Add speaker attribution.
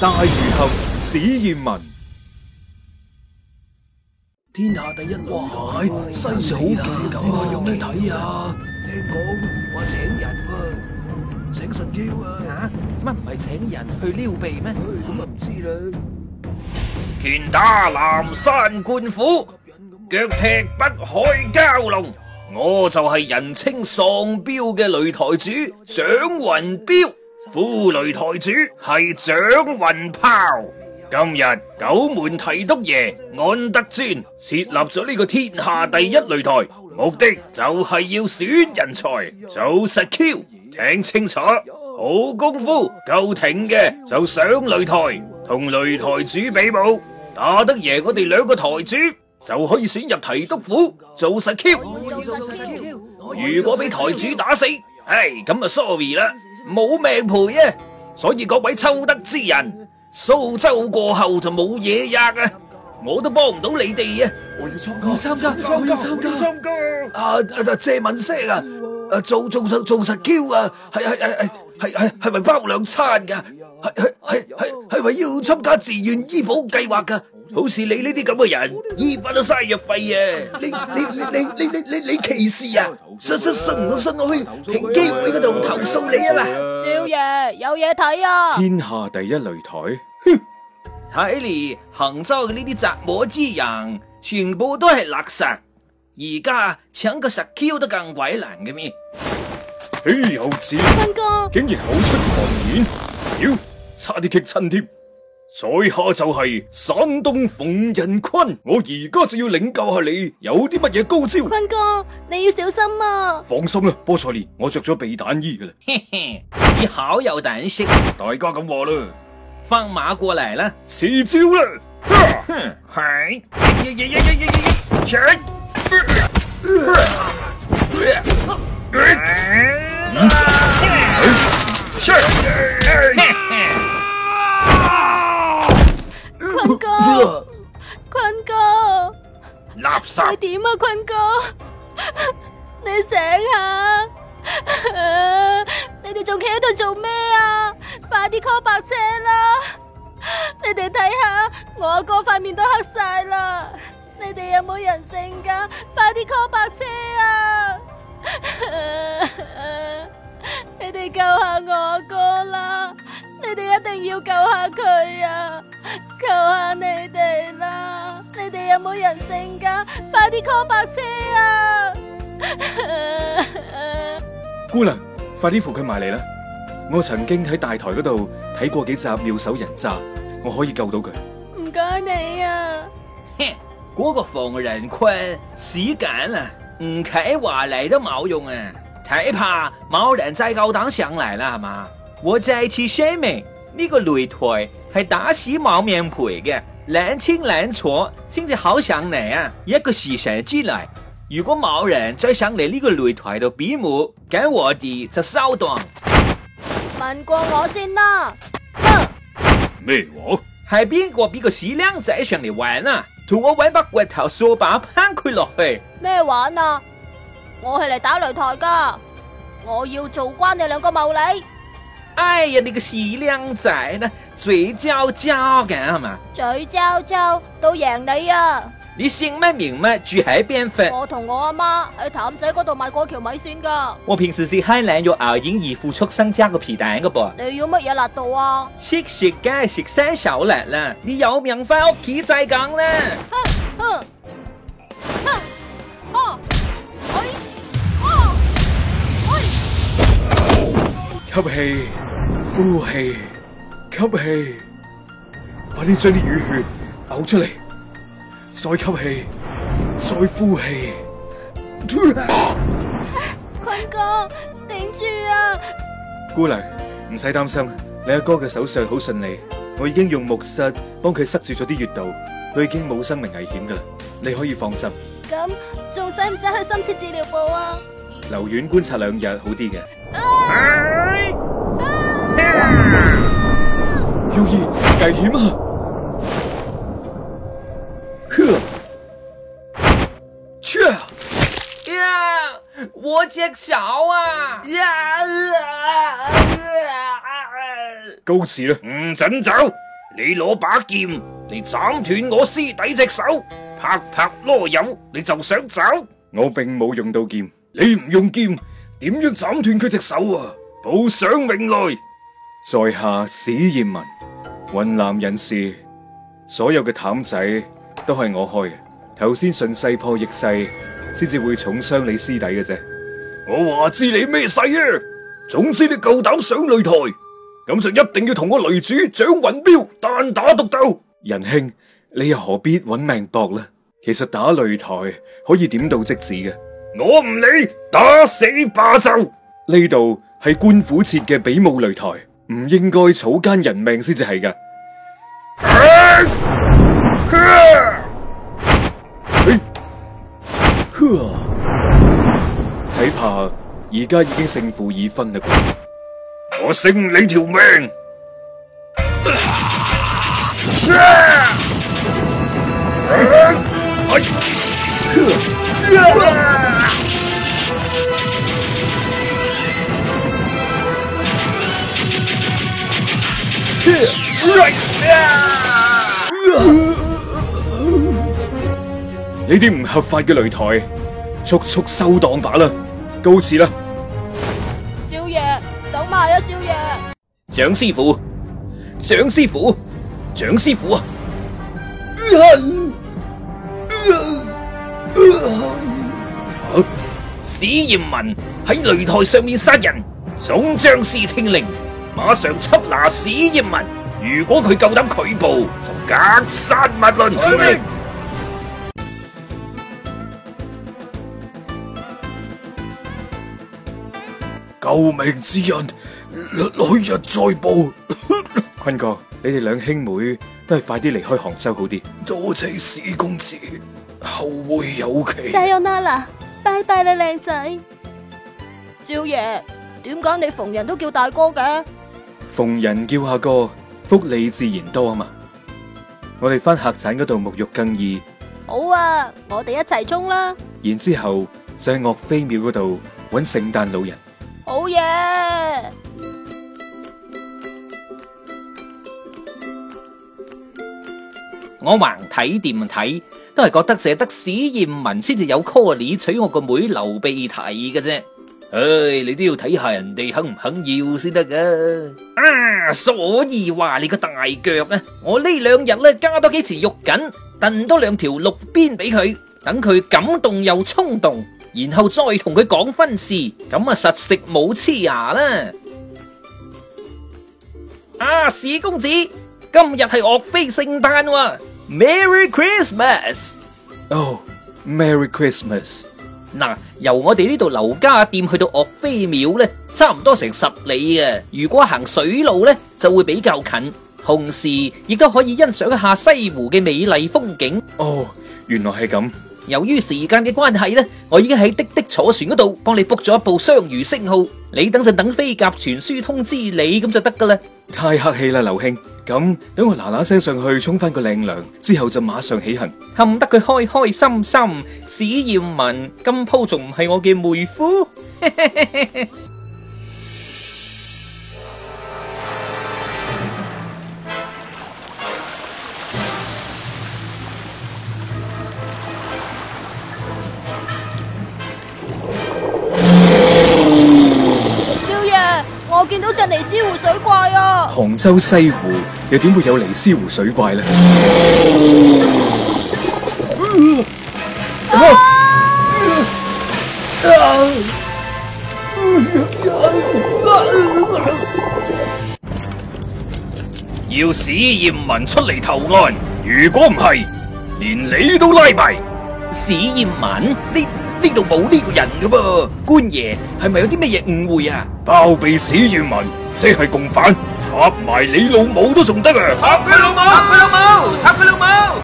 Speaker 1: 大儒俠史艷文，天下第一擂，哇，世上好勁啊！有咩睇啊？聽講話請人啊，請神嬌啊？吓乜唔係請人去撩鼻咩？咁啊唔知啦。拳打南山怪虎，腳踢北海蛟龍，我就係人稱喪彪嘅擂台主蔣云彪。呼雷台主係蔣云炮，今日九門提督爺安德尊設立咗呢個天下第一擂台，目的就係要選人才，做實 Q，聽清楚，好功夫夠挺嘅就上擂台同擂台主比武，打得贏我哋兩個台主就可以選入提督府做實 Q，如果俾台主打死。唉，咁啊，sorry 啦，冇命賠啊，所以各位抽得之人，蘇州過後就冇嘢呀，我都幫唔到你哋嘅。我要參加，參加，參加，參加。啊啊，借問聲啊，做做實做實嬌啊，係係係係係係係咪包兩餐噶？係係係係係咪要參加自願醫保計劃噶？好似你呢啲咁嘅人，依法都嘥藥費啊！你你你你你你你歧視啊！啊信信信唔信我去平機會嗰度投訴你啊！少爺有嘢睇啊！天下第一擂台，睇嚟杭州嘅呢啲雜魔之人，全部都係垃圾。而家搶個實 Q 都更鬼難嘅咩？豈有此理坤哥，竟然口出狂言，屌，差啲激親添！在下就係山東馮仁坤，我而家就要領教下你有啲乜嘢高招。坤哥，你要小心啊！放心啦，菠菜蓮，我着咗避彈衣㗎啦。嘿嘿，你好有膽識，大家咁話啦，放馬過嚟啦，試招啦，哼，嘿，呀呀呀呀呀呀，切，啊，啊，啊，啊，啊，啊，啊，啊，啊，坤哥，垃圾你點啊？坤哥， 你醒一下， 你哋仲企喺度做咩啊？快啲 call 白車啦！ 你哋睇 下我哥塊面都黑晒啦， 你哋有冇人性噶？快啲 call 白車啊！你哋救下我哥啦！你哋一定要救下佢啊！求下你哋啦，你哋有冇人性噶？快啲 call 白車啊！ 姑娘，快啲扶佢埋嚟啦！我曾經喺大台嗰度睇過幾集《妙手人渣》，我可以救到佢。唔該你啊！哼， 嗰個房人困死緊啊！吳啟華嚟都冇用啊！睇怕冇人再夠膽上嚟啦係嘛？我再次聲明，呢、這個擂台，係打死冇命賠嘅，兩清兩楚，先至好上嚟啊！一個時辰之內，如果冇人再上嚟呢個擂台度比武，咁我哋就收檔。問過我先啦，哼、啊！咩話？係邊個俾個屎靚仔上嚟玩啊？同我搵把掘頭掃把抨佢落去。咩玩啊？我係嚟打擂台噶，我要做關你兩個茂利。哎呀，你個死靚仔，嗱，嘴焦焦咁係嘛！嘴焦焦，都贏你啊！你姓乜名乜？住喺邊食？我同我阿媽喺譚仔嗰度買過條米線噶。我平時食海南肉牛燕二副出生加個皮蛋噶噃。你要乜嘢辣度啊？識食梗係食生手辣啦！你有命翻屋企再講啦。哼哼哼，吸氣。呼氣，吸氣，快啲將啲淤血嘔出嚟，再吸氣，再呼氣。坤哥，頂住啊！姑娘，唔使擔心，你阿哥嘅手術好順利，我已經用木塞幫佢塞住咗啲穴道，佢已經冇生命危險噶啦，你可以放心。咁仲使唔使去深切治療部啊？留院觀察兩日好啲嘅。你敢影我？哼！切！呀！我隻手啊！呀！告辭啦，唔准走！你攞把劍嚟斬斷我師弟隻手，拍拍籮柚你就想走？我並冇用到劍，你唔用劍點樣斬斷佢隻手啊？報上名來，在下史艷文。雲南人士，所有嘅譚仔都係我開嘅。頭先順勢破逆勢，先至會重傷你師弟嘅啫。我話知你咩勢啊？總之你夠膽上擂台，咁就一定要同我擂主蔣雲彪單打獨鬥。仁兄，你又何必搵命搏呢？其實打擂台可以點到即止嘅。我唔理，打死霸就。呢度係官府設嘅比武擂台，唔應該草菅人命先至係噶，哎，哎，呵，睇怕而家已經勝負已分啦，我勝你條命，啊，哎，哎，呵，呀！呢啲唔合法嘅擂台，速速收檔罷啦，告辭啦！少爺，等埋啊，少爺！蔣師傅，蔣師傅，蔣師傅啊！哼！啊！史艷文喺擂台上面殺人，總將士聽令！馬上緝拿史艷文，如果佢夠膽拒捕，就格殺勿論。救命！救命之恩，來日再報。坤哥，你哋兩兄妹都係快啲離開杭州好啲。多謝史公子，後會有期。謝又娜啦，拜拜啦，靚仔。少爺，點解你逢人都叫大哥嘅？逢人叫下哥，福利自然多啊嘛！我哋返客棧嗰度沐浴更衣。好啊，我哋一齊沖啦！然之後就去岳飛廟嗰度搵聖誕老人。好嘢耶！我橫睇掂睇，都係覺得淨得史艷文先至有 call 你娶我個妹流鼻涕嘅啫。唉，你都要睇下人哋肯唔肯要先得噶。啊，所以話你個大腳啊，我呢兩日咧加多幾次肉緊，掟多兩條鹿鞭俾佢，等佢感動又衝動，然後再同佢講婚事，咁啊實食冇黐牙啦。啊，史公子，今日係岳飛聖誕喎，Merry Christmas。Oh，Merry Christmas。嗱，由我哋呢度劉家店去到岳飛廟呢，差唔多成十里嘅。如果行水路呢，就會比較近，同時亦都可以欣賞一下西湖嘅美麗風景。哦，原來係咁。由於時間嘅關係呢，我已經喺滴滴坐船嗰度幫你 book 咗一部雙魚星號，你等陣等飛鴿傳書通知你，咁就得噶啦。太客氣啦，劉兄，咁等我嗱嗱聲上去衝翻個靚涼之後就馬上起行，氹得佢開開心心，史艷文今鋪仲唔係我嘅妹夫？ 水怪啊！杭州西湖又點會有尼斯湖水怪呢？要史艷文出嚟投案，如果唔係，連你都拉埋。史艷文？呢，呢度冇呢個人噶噃，官爺係咪有啲乜嘢誤會啊？包庇史艷文！即係共犯，合埋你老母都仲得啊！合佢老母！合佢老母！合佢老母！